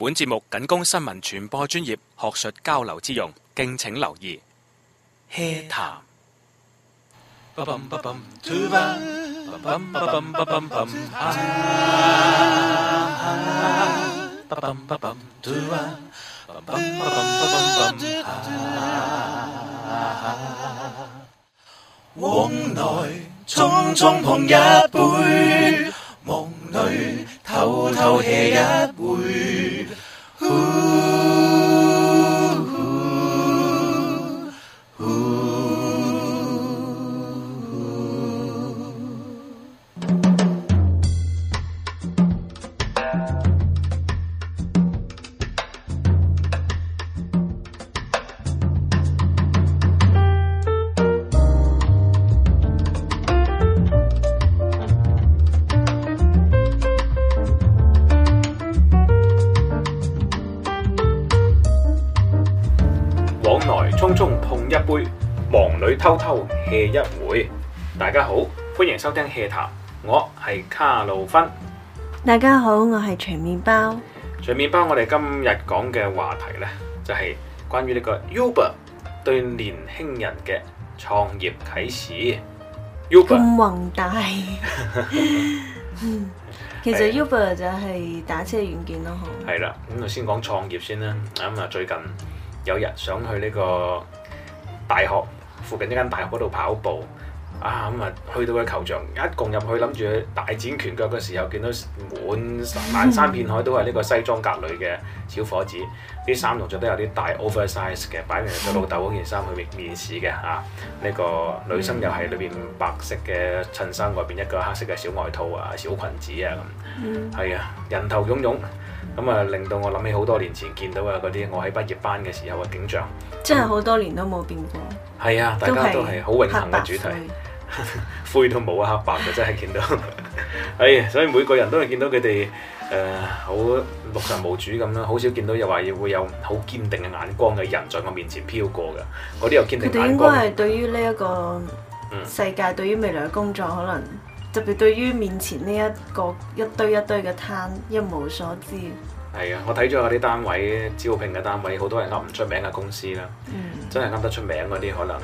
本節目僅供新聞傳播專業學術交流之用，敬請留意。HEA 談 Hey, time.。往來匆匆碰一杯。夢裏偷偷 h 一回。來匆匆碰一杯，忙裏偷偷 hea 一會。大家好，歡迎收聽 hea 談，我係卡路芬。大家好，我係長麵包。長麵包，我哋今日講嘅話題呢，就係、是、關於呢個 Uber 對年輕人嘅創業啓示。Uber 咁宏大， 其實 Uber 就係打車軟件咯，嗬。係啦，咁就先講創業先啦。咁、嗯、啊，最近。有日想去呢個大學附近一間大學嗰度跑步啊，咁、嗯、啊去到個球場一共入去，諗住大展拳腳嘅時候，見到滿山遍海都係呢個西裝革履嘅小伙子，啲衫同着都有啲大 oversize 嘅，擺明係佢老豆嗰件衫去面面試嘅嚇。呢、啊呢個女生又係裏邊白色嘅襯衫外邊一個黑色嘅小外套啊，小裙子啊咁，係、嗯嗯、啊，人頭湧湧。咁啊，令到我諗起好多年前見到啊嗰啲，我喺畢業班嘅時候嘅景象，真係好多年都冇變過。係啊，大家都係好榮幸嘅主題，灰， 灰都冇啊，黑白嘅， 真係見到。哎 所以每個人都係見到佢哋誒好六神無主咁啦，好少見到又話要會有好堅定嘅眼光嘅人在我面前飄過嘅，嗰啲又堅定眼光。佢哋應該係對於呢一個世界，對於未來嘅工作可能。特別對於面前呢一個一堆一堆嘅攤一無所知。係啊，我睇咗嗰啲單位招聘嘅單位，好多人揞唔出名嘅公司啦。嗯，真係揞得出名嗰啲可能。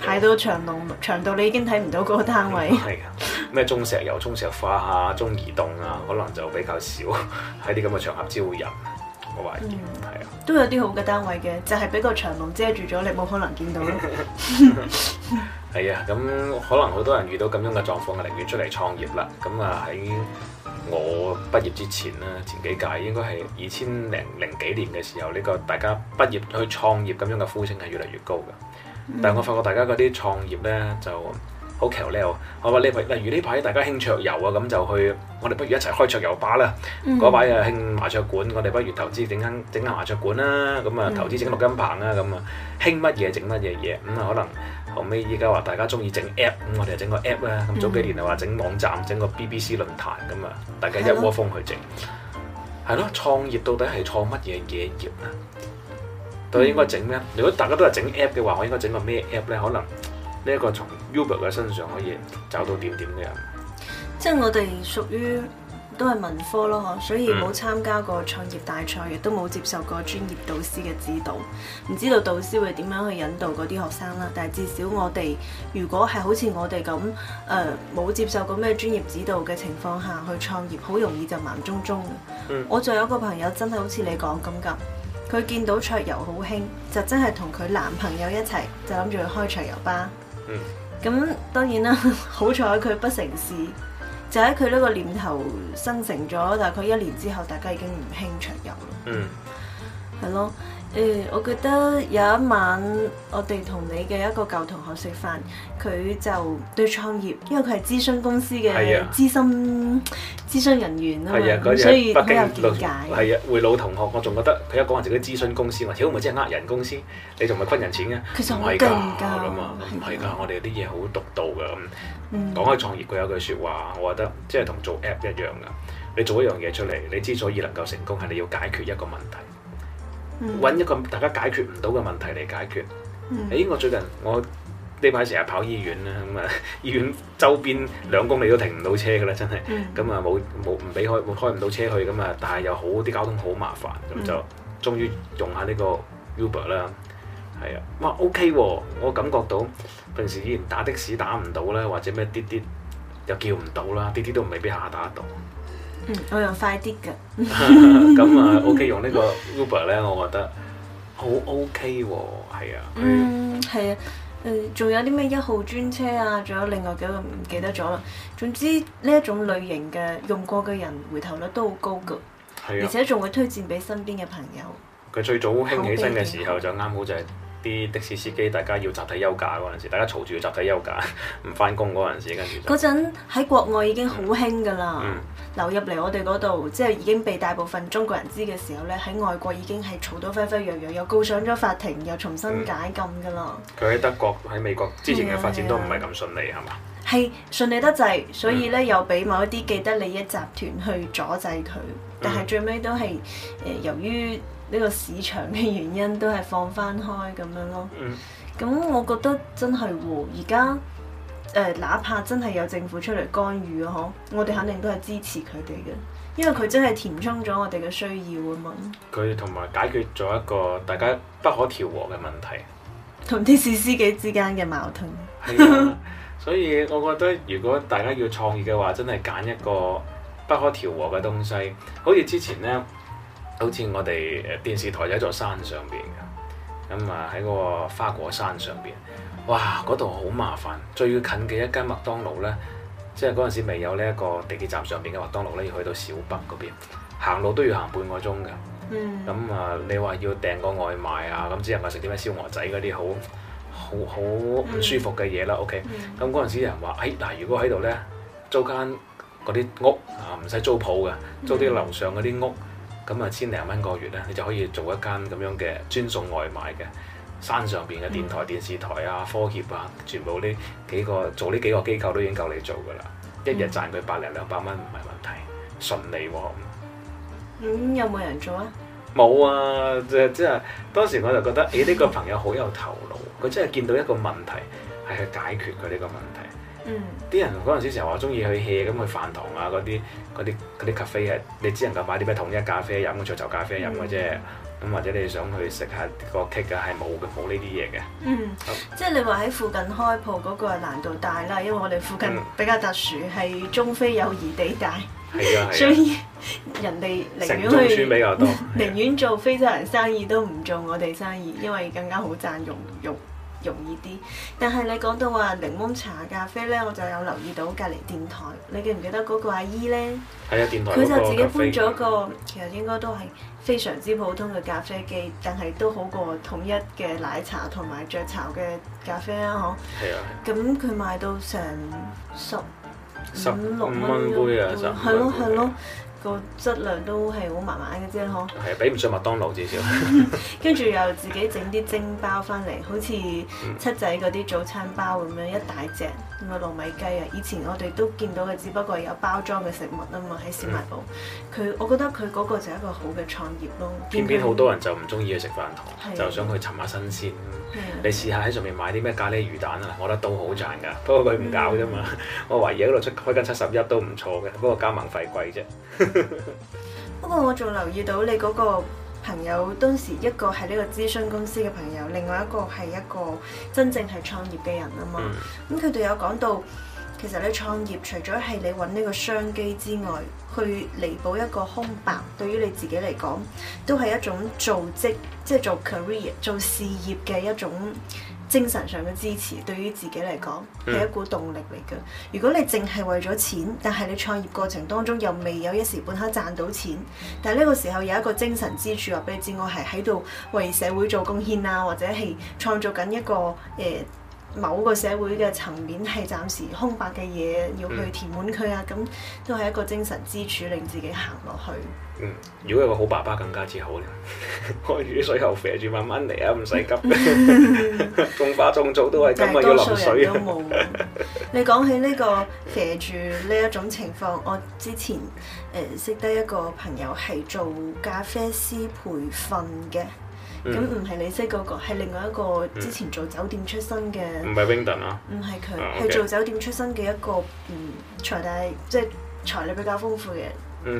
排到長龍長到，你已經睇唔到嗰個單位。係啊、嗯，咩中石油、中石化啊、中移動啊，可能就比較少喺啲咁嘅場合招人。我懷疑。係啊、嗯，的都有啲好嘅單位嘅，就係俾個長龍遮住咗，你冇可能見到咯。 係啊，咁可能好多人遇到咁樣嘅狀況，越越我寧願出嚟創業啦。咁啊喺我畢業之前啦，前幾屆應該係二千零零幾年嘅時候，呢、這個大家畢業去創業咁樣嘅呼聲係越嚟越高噶。但係我發覺大家嗰啲創業咧就好巧叻喎。好唔好呢？例如呢排大家興桌遊啊，咁就去我哋不如一齊開桌遊吧啦。嗰排啊興麻雀館，我哋不如投資整間整間麻雀館啦。咁啊投資整錄音棚啦。咁啊興乜嘢整乜嘢嘢？咁啊可能。後尾依家話大家中意整 app，咁我哋就整個 app 啦。咁早幾年就話整網站，整個 BBC 論壇咁啊，大家一窩蜂去整，係咯吧。創業到底係創乜嘢嘢業啊？到底應該整咩？嗯、如果大家都係整 app 嘅話，我應該整個咩 app 咧？可能呢一個從 Uber 嘅身上可以找到點點嘅。即係我哋屬於。都係文科咯，所以冇參加過創業大賽，亦都冇接受過專業導師嘅指導，唔知道導師會點樣去引導嗰啲學生啦。但係至少我哋如果係好似我哋咁，誒、呃，冇接受過咩專業指導嘅情況下去創業，好容易就盲中中。嗯、我仲有個朋友真係好似你講咁噶，佢見到桌遊好興，就真係同佢男朋友一齊就諗住去開桌遊吧。咁、嗯、當然啦， 好彩佢不成事。就喺佢呢個念頭生成咗，大概一年之後，大家已經唔興長油啦。嗯，係咯。誒、嗯，我覺得有一晚我哋同你嘅一個舊同學食飯，佢就對創業，因為佢係諮詢公司嘅資深諮詢人員啊嘛，所以都有見解。係啊，回老同學，我仲覺得佢一講話自己諮詢公司話，屌，唔係即係呃人公司，你仲咪昆人錢嘅？其實我係噶，我諗啊，唔係噶，我哋啲嘢好獨到噶。咁講開創業，佢有句說話，我覺得即係同做 app 一樣噶，你做一樣嘢出嚟，你之所以能夠成功，係你要解決一個問題。揾一個大家解決唔到嘅問題嚟解決。誒、嗯欸，我最近我呢排成日跑醫院啦，咁啊醫院周邊兩公里都停唔到車㗎喇，真係。咁啊冇冇唔俾開，冇開唔到車去。咁啊，但係又好啲交通好麻煩，咁、嗯、就終於用下呢個 Uber 啦。係啊，哇 OK 喎、啊，我感覺到平時以前打的士打唔到啦，或者咩滴滴又叫唔到啦，滴滴都未必下打得到。我用快啲噶、 啊，咁啊 ，OK，用個呢個 Uber 咧，我覺得好 OK 喎、哦，係啊、嗯、啊，嗯，係啊，誒，仲有啲咩一號專車啊，仲有另外幾個唔記得咗啦。總之呢一種類型嘅用過嘅人回頭率都好高噶，係啊，而且仲會推薦俾身邊嘅朋友。佢最早興起身嘅時候就啱好就係，啲的士司機大家要集體休假嗰陣時，大家嘈住要集體休假唔翻工嗰陣時，跟住嗰陣喺國外已經好興噶啦，嗯、流入嚟我哋嗰度，即係已經被大部分中國人知嘅時候咧，喺外國已經係嘈到沸沸揚揚，又告上咗法庭，又重新解禁噶啦。佢喺、嗯、德國、喺美國之前嘅發展都唔係咁順利，係嘛？係順利得滯，所以咧又俾某一啲既得利益集團去阻滯佢，但係最尾都係誒、呃、由於。呢個市場嘅原因都係放翻開咁樣咯。咁、嗯、我覺得真係和而家哪怕真係有政府出嚟干預啊，嗬，我哋肯定都係支持佢哋嘅，因為佢真係填充咗我哋嘅需要啊嘛。佢同埋解決咗一個大家不可調和嘅問題，同的士司機之間嘅矛盾、 啊。所以我覺得如果大家要創業嘅話，真係揀一個不可調和嘅東西，好似之前呢。好似我哋誒電視台有一座山上邊嘅，咁啊喺個花果山上邊，哇嗰度好麻煩，最近嘅一間麥當勞咧，即係嗰陣時未有呢一個地鐵站上邊嘅麥當勞咧，要去到小北嗰邊行路都要行半個鐘嘅。嗯。咁啊，你話要訂個外賣啊，咁只能夠食啲咩燒鵝仔嗰啲好好好唔舒服嘅嘢啦。OK。咁嗰陣時啲人話：誒嗱，如果喺度咧租間嗰啲屋啊，唔使租鋪嘅，租啲 樓上嗰啲屋。咁啊，千零蚊個月咧，你就可以做一間咁樣嘅專送外賣嘅山上邊嘅電台、嗯、電視台啊、科協啊，全部呢幾個做呢幾個機構都已經夠你做噶啦，嗯、一日賺佢百零兩百蚊唔係問題，順利、啊。咁、嗯、有冇人做啊？冇、就、啊、是，即、就、係、是、當時我就覺得，誒呢 個朋友好有頭腦，佢真係見到一個問題係去解決佢呢個問題。嗯，啲人嗰陣時成日話中意去 hea 咁去飯堂啊，嗰啲嗰啲啲 cafe 啊，你只能夠買啲咩統一咖啡飲、飲嘅雀巢咖啡飲嘅啫。咁、嗯、或者你想去食下個 cake 啊，係冇嘅，冇呢啲嘢嘅。嗯，好即係你話喺附近開鋪嗰個難度大啦，因為我哋附近比較特殊係、嗯、中非友誼地帶， 所以人哋寧願去比較多 寧願做非洲人生意都唔做我哋生意，因為更加好賺用用。容易啲，但係你講到話檸檬茶咖啡呢，我就有留意到隔離電台，你記唔記得嗰個阿姨呢？佢就自己搬咗個，其實應該都係非常之普通嘅咖啡機，但係都好過統一嘅奶茶同埋雀巢嘅咖啡啊！嗬。係啊。咁佢賣到成十五、十五六蚊杯啊！十。係咯，係咯。個質量都係好麻麻嘅啫。嗬，係啊，比唔上麥當勞至少。跟 住 又自己整啲蒸包翻嚟，好似七仔嗰啲早餐包咁樣，嗯、一大隻。糯米雞啊！以前我哋都見到嘅，只不過係有包裝嘅食物啊嘛，喺小賣部。佢、嗯，我覺得佢嗰個就係一個好嘅創業咯、啊。偏偏好多人就唔中意去食飯堂，的就想去尋下新鮮。的你試下喺上面買啲咩咖喱魚蛋啊！我覺得都好賺噶，不過佢唔搞啫嘛。嗯、我懷疑嗰度出開間七十一都唔錯嘅，不過加盟費貴啫、 嗯。不過我仲留意到你嗰、嗰個。朋友當時一個係呢個諮詢公司嘅朋友，另外一個係一個真正係創業嘅人啊嘛。咁佢哋有講到，其實你創業除咗係你揾呢個商機之外，去彌補一個空白，對於你自己嚟講，都係一種做職，即係做 career、做事業嘅一種。精神上嘅支持，對於自己嚟講係一股動力嚟嘅。如果你淨係為咗錢，但係你創業過程當中又未有一時半刻賺到錢，但係呢個時候有一個精神支柱，話俾你知我係喺度為社會做貢獻啊，或者係創造緊一個誒、呃某個社會嘅層面係暫時空白嘅嘢，要去填滿佢啊！咁、嗯、都係一個精神支柱，令自己行落去。嗯，如果有一個好爸爸更加之好咧， 開住啲水喉，肥住慢慢嚟啊，唔使急。種 花，種草都係今日 要淋水啊！ 你講起呢、這個肥住呢一種情況，我之前誒、呃、識得一個朋友係做咖啡師培訓嘅。咁唔係你識嗰，那個，係另外一個之前做酒店出身嘅，唔係 Wingdon 啊。唔係佢，係、嗯 okay. 做酒店出身嘅一個嗯財大，即、就、係、是、財力比較豐富嘅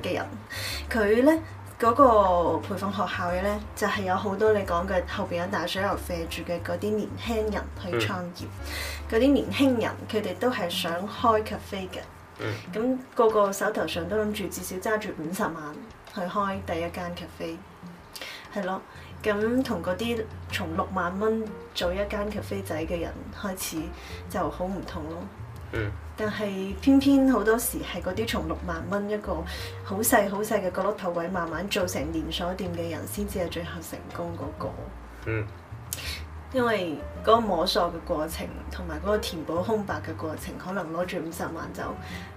嘅人。佢咧嗰個培訓學校嘅咧，就係、是、有好多你講嘅後邊有大水樓啡住嘅嗰啲年輕人去創業。嗰啲、嗯、年輕人佢哋都係想開 cafe 嘅。咁個、嗯、個手頭上都諗住至少揸住五十萬去開第一間 cafe。係咯，咁同嗰啲從六萬蚊做一間咖啡仔嘅人開始就好唔同咯。嗯。但係偏偏好多時係嗰啲從六萬蚊一個好細好細嘅角落頭位，慢慢做成連鎖店嘅人，先至係最後成功嗰個。嗯。因為嗰個摸索嘅過程，同埋嗰個填補空白嘅過程，可能攞住五十萬就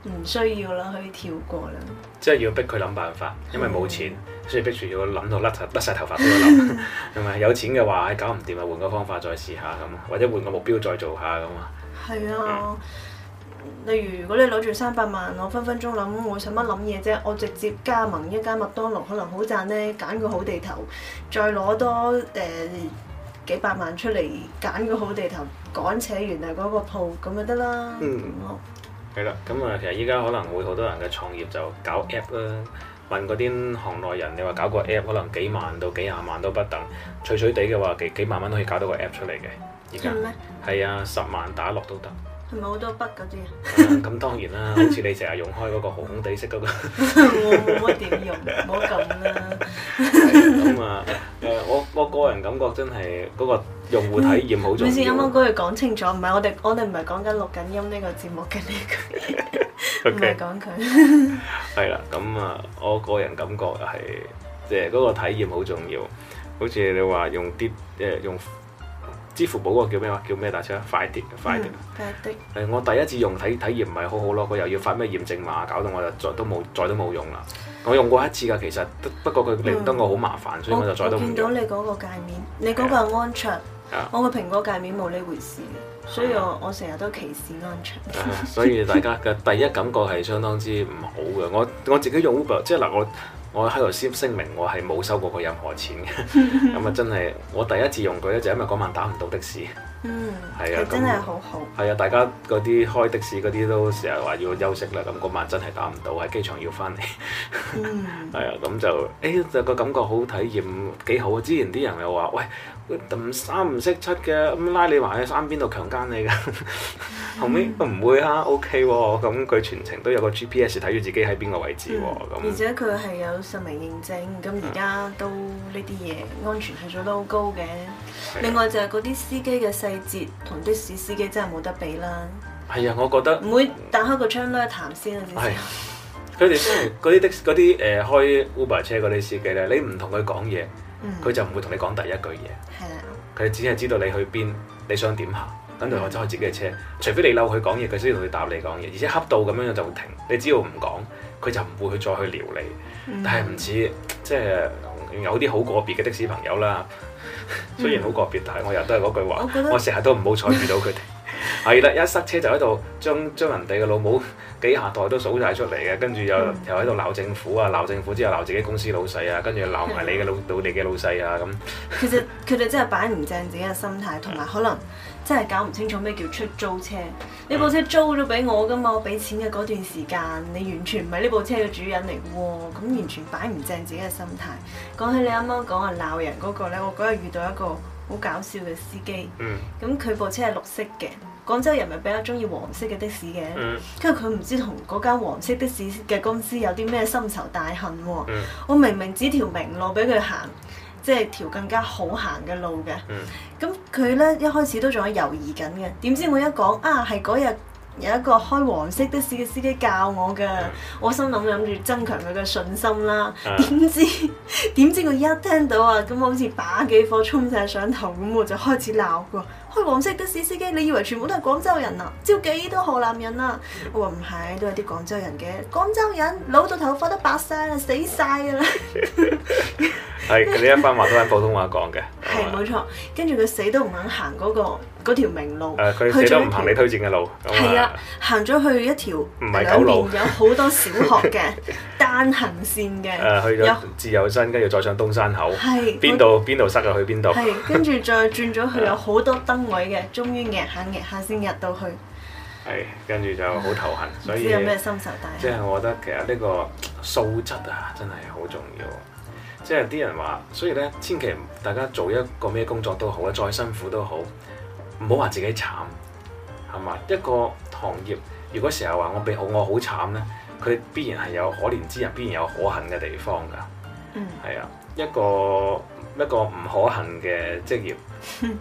唔需要啦，可以跳過啦。嗯、即係要逼佢諗辦法，因為冇錢，嗯、所以逼住要諗到甩甩晒頭髮俾佢。諗。同埋有錢嘅話，搞唔掂啊，換個方法再試下咁，或者換個目標再做下咁啊。係啊、嗯，例如如果你攞住三百萬，我分分鐘諗我使乜諗嘢啫？我直接加盟一間麥當勞，可能好賺呢，揀個好地頭，再攞多誒。呃呃幾百萬出嚟揀個好地頭，趕扯完啊嗰個鋪咁咪得啦。嗯，好。係啦，咁啊，其實依家可能會好多人嘅創業就搞 app 啦，問嗰啲行內人，你話搞個 app 可能幾萬到幾廿萬都不等，脆脆地嘅話幾幾萬蚊都可以搞到個 app 出嚟嘅。而家係啊，十萬打落都得。係咪好多筆嗰啲啊？咁當然啦，好似你成日用開嗰個紅紅哋色嗰、嗰個。我冇乜點用，唔好咁啦。咁 啊，誒，我我個人感覺真係嗰個用戶體驗好重要。你先啱啱嗰句講清楚，唔係我哋我哋唔係講緊錄緊音呢個節目個，嘅 Okay. 呢個嘢，唔係講佢。係啦，咁啊，我個人感覺係，即係嗰個體驗好重要。好 似你話用啲誒用。支付寶個叫咩話？叫咩大車？快的、嗯，快的車，快的。誒，我第一次用睇體,體驗唔係好好咯，佢又要發咩驗證碼，搞到我就再都冇再都冇用啦。我用過一次噶，其實不過佢令得我好麻煩，嗯、所以我就再都冇。我見到你嗰個界面，你嗰個安卓，啊、我個蘋果界面冇呢回事，所以我、啊、我成日都歧視安卓。啊、所以大家嘅第一感覺係相當之唔好嘅。 我我自己用 Uber，即係嗱我。我喺度先聲明，我係冇收過佢任何錢嘅， 咁啊真係我第一次用佢咧，就因為嗰晚打唔到的士。 Mm, 嗯，啊，真係好好。係啊，大家嗰啲開的士嗰啲都成日話要休息啦，咁嗰晚真係打唔到，喺機場要翻嚟、嗯。 嗯，係啊，咁就誒就個感覺好體驗，幾好啊！之前啲人又話，喂，唔三唔識七嘅，咁拉你埋去三邊度強姦你㗎。後尾唔會啊，OK 喎，咁佢全程都有個 GPS 睇住自己喺邊個位置喎。咁而且佢係有實名認證，咁而家都呢啲嘢安全係數都好高嘅。另外就係嗰啲司機嘅細。同的士司機真係冇得比啦。係啊，我覺得。唔會打開個窗，咧談先啊。係，佢哋嗰啲的士嗰啲誒開 Uber 車嗰啲司機咧，你唔同佢講嘢，佢、嗯、就唔會同你講第一句嘢。係啊。佢只係知道你去邊，你想點行，跟住我開自己嘅車。嗯、除非你嬲佢講嘢，佢先同你答你講嘢。而且恰到咁樣就會停。你只要唔講，佢就唔會去再去撩你。嗯、但係唔似即係。有啲好個別嘅的，的士朋友啦，雖然好個別，但係我又都係嗰句話，我成日都唔好彩遇到佢哋。係啦、 啊，一塞車就喺度將將人哋嘅老母幾下代都數晒出嚟嘅，跟住又 又喺度鬧政府啊，鬧政府之後鬧自己公司老細啊，跟住鬧埋你嘅老到 你嘅老細啊咁。其實佢哋真係擺唔正自己嘅心態，同埋可能。真係搞唔清楚咩叫出租車？你部車租咗俾我㗎嘛？我俾錢嘅嗰段時間，你完全唔係呢部車嘅主人嚟嘅喎。咁、喔嗯、完全擺唔正自己嘅心態。講起你啱啱講話鬧人嗰個呢，我嗰日遇到一個好搞笑嘅司機。嗯。咁佢部車係綠色嘅，廣州人咪比較中意黃色嘅的，的士嘅。跟住佢唔知同嗰間黃色的士嘅公司有啲咩深仇大恨喎。嗯、我明明指條明路俾佢行。即係條更加好行嘅路嘅，咁佢咧一開始都仲喺猶豫緊嘅。點知我一講啊，係嗰日有一個開黃色的士嘅司機教我嘅，嗯、我心諗諗住增強佢嘅信心啦。點知點知佢一聽到啊，咁好似把幾火衝晒上頭咁，我就開始鬧佢。開黃色的士司機，你以為全部都係廣州人啊？招幾多河南人啊？我話唔係，都係啲廣州人嘅。廣州人老到頭髮都白晒啦，死曬啦。 係佢呢一番話都係普通話講嘅。係冇錯，跟住佢死都唔肯行嗰個嗰條明路。佢死都唔行你推薦嘅路。係啊，行咗去一條兩邊有好多小學嘅單行線嘅。去咗自由身，跟住再上東山口。係邊度？邊度塞入去邊度。係跟住再轉咗去，有好多燈位嘅，終於贏下贏下先入到去。係跟住就好頭痕，所以。有咩心受大？即係我覺得其實呢個素質啊，真係好重要。即係啲人話，所以咧，千祈大家做一個咩工作都好啦，再辛苦都好，唔好話自己慘係嘛？一個行業，如果成日話我好，我好慘咧，佢必然係有可憐之人，必然有可恨嘅地方㗎。嗯，係啊，一個一個唔可恨嘅職業，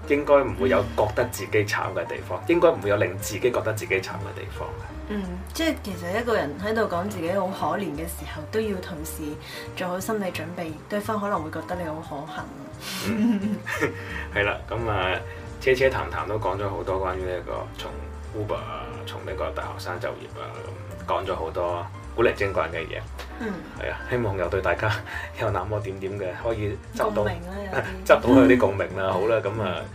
應該唔會有覺得自己慘嘅地方，應該唔會有令自己覺得自己慘嘅地方。嗯，即係其實一個人喺度講自己好可憐嘅時候，都要同時做好心理準備，對方可能會覺得你好可恨。 嗯，係啦，咁啊，車車談談都講咗好多關於呢一個從 Uber，從、啊、呢個大學生就業啊咁，講咗好多古靈精怪嘅嘢。嗯，係啊，希望又對大家有那麼點點嘅可以執到執、啊、 到佢啲共鳴啦，好啦，咁啊，誒、嗯嗯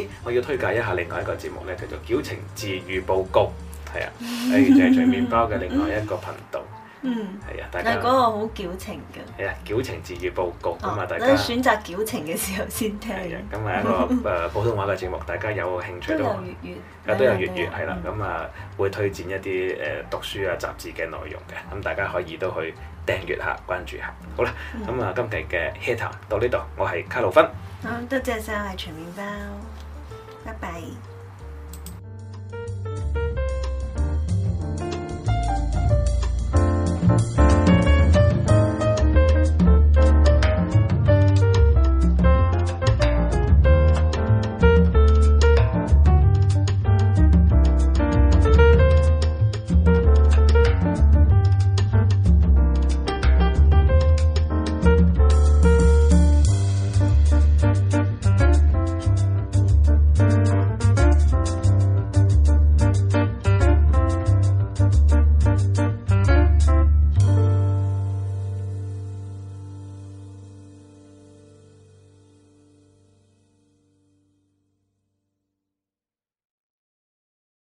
哎，我要推介一下另外一個節目咧，叫做《矯情自愈報告》。係啊，誒，就係全麵包嘅另外一個頻道。嗯，係啊，大家嗱，嗰個好矯情嘅。係啊，矯情自娛報告啊大家，選擇矯情嘅時候先聽。咁啊，一個誒普通話嘅節目，大家有興趣都。都有粵語。都有粵語係啦，咁啊會推薦一啲誒讀書啊雜誌嘅內容嘅，咁大家可以都去訂閱下、關注下。好啦，咁啊今期嘅 HEA 談到呢度，我係卡路芬。好，多謝曬，我係全麵包。拜拜。